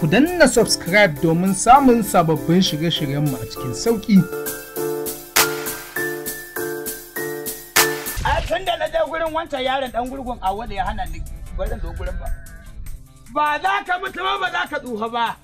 ku danna subscribe domin samun sababbin shirye-shiryenmu a cikin sauƙi. A tun da na je gurin wancan yaron ɗan gurgun a wanda ya hana ni bari zo gurin ba. Ba za ka mutu ba ba za ka tsufa ba.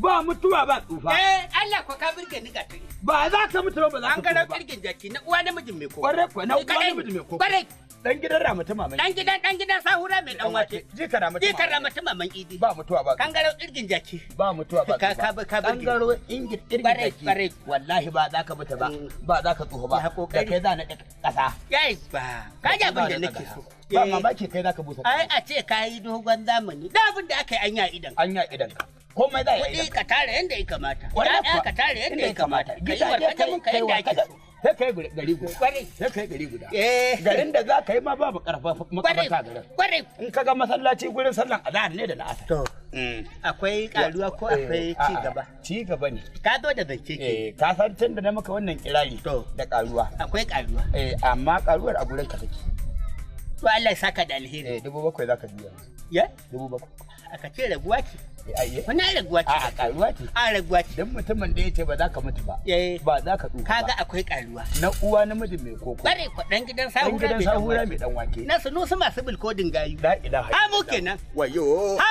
Ba mutuwa ba tsufa. Eh Allah ko ka birge ni tuni. Ba za ka mutu ba ba za ka tsufa. An karar birgin jaki na uwa namijin mai ko. Kwarai ko na uwa namijin mai ko. Kwarai. Dan gidan ramatu maman. Dan gidan dan gidan sahura mai dan wace. Jikar ramatu. Jikar ramatu maman idi. Ba mutuwa ba. garo irgin jaki. Ba mutuwa ba. Ka ka ka Kangaro irgin irgin jaki. Bare wallahi ba za ka mutu ba. Mm. Ba za ka tsoho ba. Da kai za na kasa. Yes ba. Ka ji abin da nake so. Ba eh. mamaki kai za ka busa. Ai a ce ka yi dogon zamani. Da abin da aka yi anya idan. Anya idan ka. komai za ya yi. Kuɗi ka tare yadda ya kamata. Kuɗi ka tare yadda ya kamata. Ka yi Gida ka kai so. kai gari guda kwarai sai kai gari guda eh garin da za ka yi ma babu karfafa makaranta garin kwarai in ka ga masallaci gurin sallan azhar ne da na'asa. to mm. akwai ƙaruwa ko eh, akwai ci gaba ci gaba ne ka zo da zance ke eh, ka san tun da na maka wannan kirari to da ƙaruwa. akwai ƙaruwa. eh amma ƙaruwar a gurin ka take To Allah saka da alheri. Eh dubu bakwai zaka biya. Ya? Dubu bakwai. Aka ce raguwa ce. Eh, eh. Wani raguwa ce. A'a karuwa ce. A raguwa ce. Dan mutumin da yace ce ba za ka mutu ba. Eh. Ba za ka tsufa. Kaga akwai karuwa. Na uwa namiji mai koko. Bare ku dan gidan sahura mai dan sahura mai dan wake. Na sunu su masu bilkodin gayu. La ilaha illallah. mu kenan. Wayo.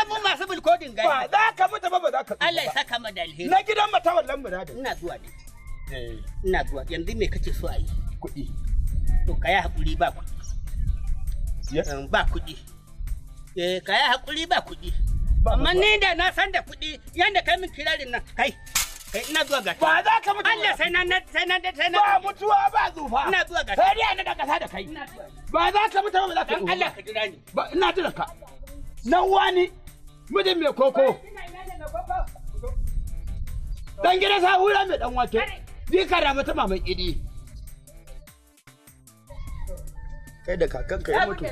mu masu bilkodin gayu. Ba za ka mutu ba ba za ka tsufa. Allah ya saka mu da alheri. Na gidan wallan muradin. Ina zuwa ne. Ina zuwa yanzu me kake so a Kuɗi. To kai hakuri ba kuɗi. ba kuɗi eh ka yi ba kuɗi amma ni da na san da kuɗi yadda kai min kirarin nan kai kai ina zuwa ba za ka Allah sai na sai na sai na ba mutuwa ba zufa ina zuwa da kasa ba za ka mutu ba za ka mutu Allah ka jira ni ba ina jira ka nan wani mijin mai koko dan gida sa hura mai dan wake ni ka da mutum kai da kakan ka ya mutu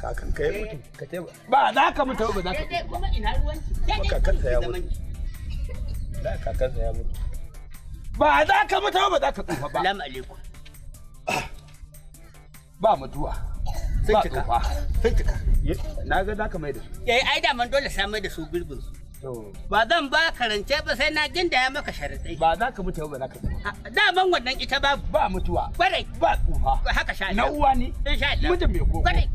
Kakan ka ya mutu eh. ka te ba za ka mutu ba za ka kuma ina ruwanki ka ya mutu da ka ya mutu ba za ka mutu ba za ka tsufa ba salamu alaikum ba mutuwa sai tuka sai tuka na ga za ka mai da su eh ai da man dole sai mai da su gurbin su Ba zan ba ka rance ba sai na gindaya maka sharaɗai. Ba za ka mutu ba za ka mutu. Daman wannan ita ba. Ba mutuwa. Kwarai. Ba tsufa. Haka sha Na uwa ne. sha Allah. mutum mai koko. Kwarai.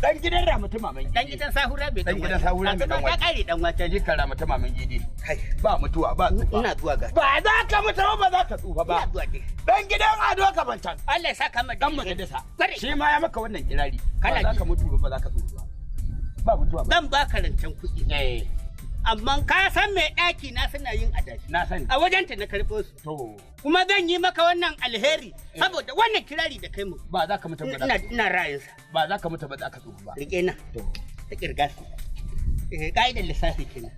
Dan gidan Ramatu Maman Gidi. Dan gidan Sahura mai Dan gidan Sahura mai dan wani. kare dan wata. Jika Ramatu Maman Gidi. Kai ba mutuwa ba tsufa. Ina zuwa ga. Ba za ka mutu ba ba za ka tsufa ba. Ina zuwa Dan gidan Ado bantan Allah ya saka maka. Dan majalisa Kwarai. Shi ma ya maka wannan kirari. Kana ba za ka mutu ba ba za ka tsufa ba. Ba mutuwa ba. Dan ba ka rancen kuɗi. Eh. amma ka san mai ɗaki na suna yin adashi na sani a ta na karɓo su to kuma zan yi maka wannan alheri eh. saboda wannan kirari da kai mu ba za ka mutu ba ina ina rayin sa ba za ka mutu ba za ka tsufa ba rike na to ta kirga su eh kaidar lissafi kenan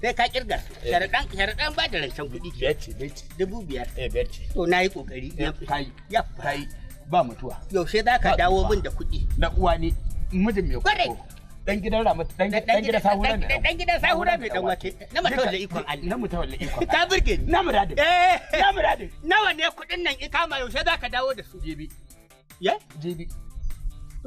sai ka kirga su eh. sharaɗan sharaɗan ba da rancen kuɗi biyar ce dubu biyar eh biyar to na yi kokari eh, ya kai ya kai ba mutuwa yaushe za ka dawo min da kuɗi na uwa ne mijin mai kuɗi dan gidan ramata dan gidan sahura ne dan gidan sahura ne dan wake na ikon Allah na mutawalle ikon Allah burge ni na muradi eh na nawa ne kudin nan ikama yaushe zaka dawo da su jibi ya jibi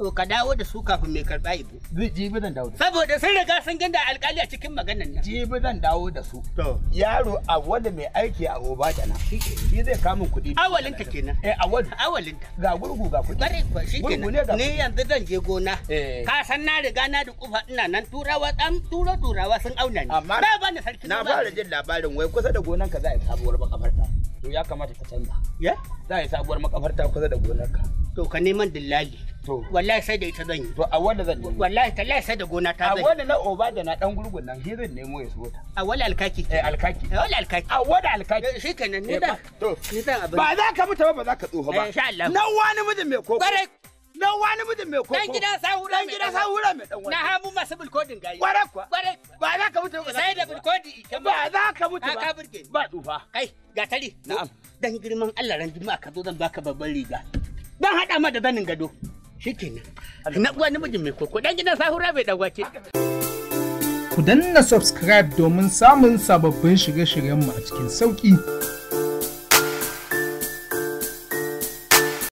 to ka dawo da su kafin mai karɓa ibo. Jibi zan dawo da su. Saboda sun riga sun ganda alƙali a cikin maganan nan. Jibi zan dawo da su. To. Yaro a wanda mai aiki a oba da na. Shi zai kamun kuɗi. Awalinta kenan. Eh awal. Awalinta. Ga gurgu ga kuɗi. Bare kuwa shi kenan. ne ga Ni yanzu zan je gona. Eh. Ka san na riga na da kufa ina nan turawa dan turo turawa sun auna ni. Amma. Ba bani ni sarki. Na fara jin labarin wai kusa da gonanka ka za a yi sabuwar makafarta. To ya kamata ka canza. Ya? Za a yi sabuwar makafarta kusa da gonar ka. to ka neman dillali to wallahi sai da ita zan yi to a wanda zan nemo wallahi lai sai da gona ta zai a wanda na oba da na dan gurgun nan he zan nemo ya so ta a wala alkaki eh alkaki a wala alkaki a wanda alkaki eh, shi kenan ni da eh, ni da abin ba za ka mutu ba ba za ka tsoho ba eh, insha Allah na wani mutum mai koko kare na wani mutum mai koko dan gidan sahura dan gidan sahura mai dan wani na habu masu bulkodin gayi kware kwa kware ba za ka mutu ba sai da bulkodi ba za ka mutu ba ka burge ba tsufa kai gatari na'am dan girman Allah ran juma'a ka zo zan baka babban riga dan haɗa ma da zanin gado shikenan na uwa namijin mai koko dan gidan sahura bai dagwace ku danna subscribe domin samun sababbin shirye shiryen mu a cikin sauki